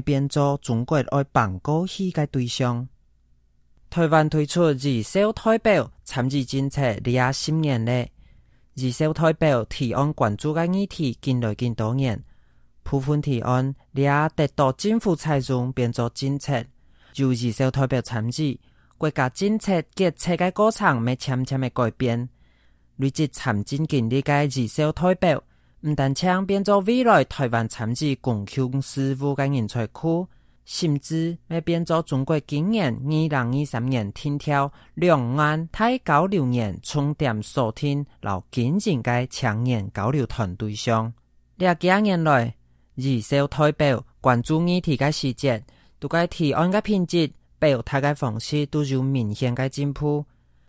變做中國愛辦公戲嘅對象。台灣推出兒少代表參議政策，歷下十年咧。兒少代表提案關注嘅議題，近來近多年，部分提案，歷下得到政府採用，變做政策。就兒少代表參議，國家政策及設嘅過程，咪漸漸咪改變。累積參政經驗嘅兒少代表。唔但將變作未來台灣參與公共事務嘅人才庫，甚至要變作中國今年二零二三年天挑兩岸大交流年重點鎖定拉攏嘅青年交流團隊上。呢幾年來，兒少代表關注議題嘅細節，對個提案嘅品質、表達嘅方式都有明顯嘅進步。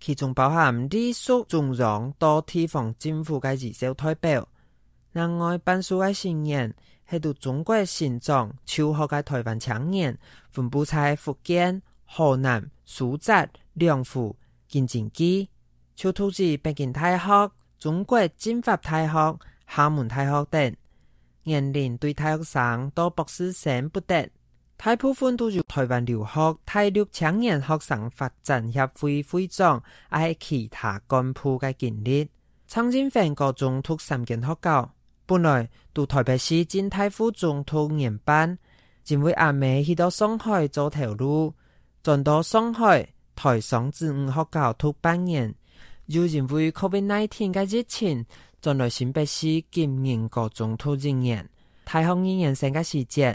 其中包含隸屬中央多地方政府嘅兒少代表，另外半數嘅成員喺度中國嘅現狀，求學嘅台灣青年分布在福建、河南、蘇浙、兩湖、京津冀，就讀至北京大學、中國政法大學、廈門大學等，年齡對大學生到博士生不等。台普分都有台灣留學，大陸青年學生發展協會會長，係其他幹部嘅經歷。曾經在各中讀三間學校，本來讀台北市建台府中學年班，因為阿美去到上海做頭路，轉到上海台商子女學校讀八年，又前會 Covid 19嘅疫情轉來新北市建陽高中讀一年，太荒因人，人生嘅時節。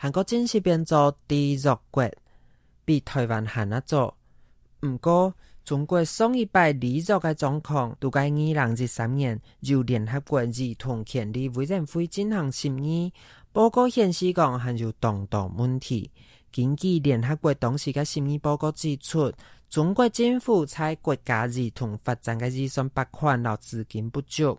韓國正式變做低弱國，被台灣限那做。毋過，中國上一輩低弱嘅狀況，都係，二零一三年由聯合國兒童權利委員會進行審議報告顯示，講係有重大問題。根據聯合國董事嘅審議報告指出，中國政府在國家兒童發展嘅預算撥款落資金不足。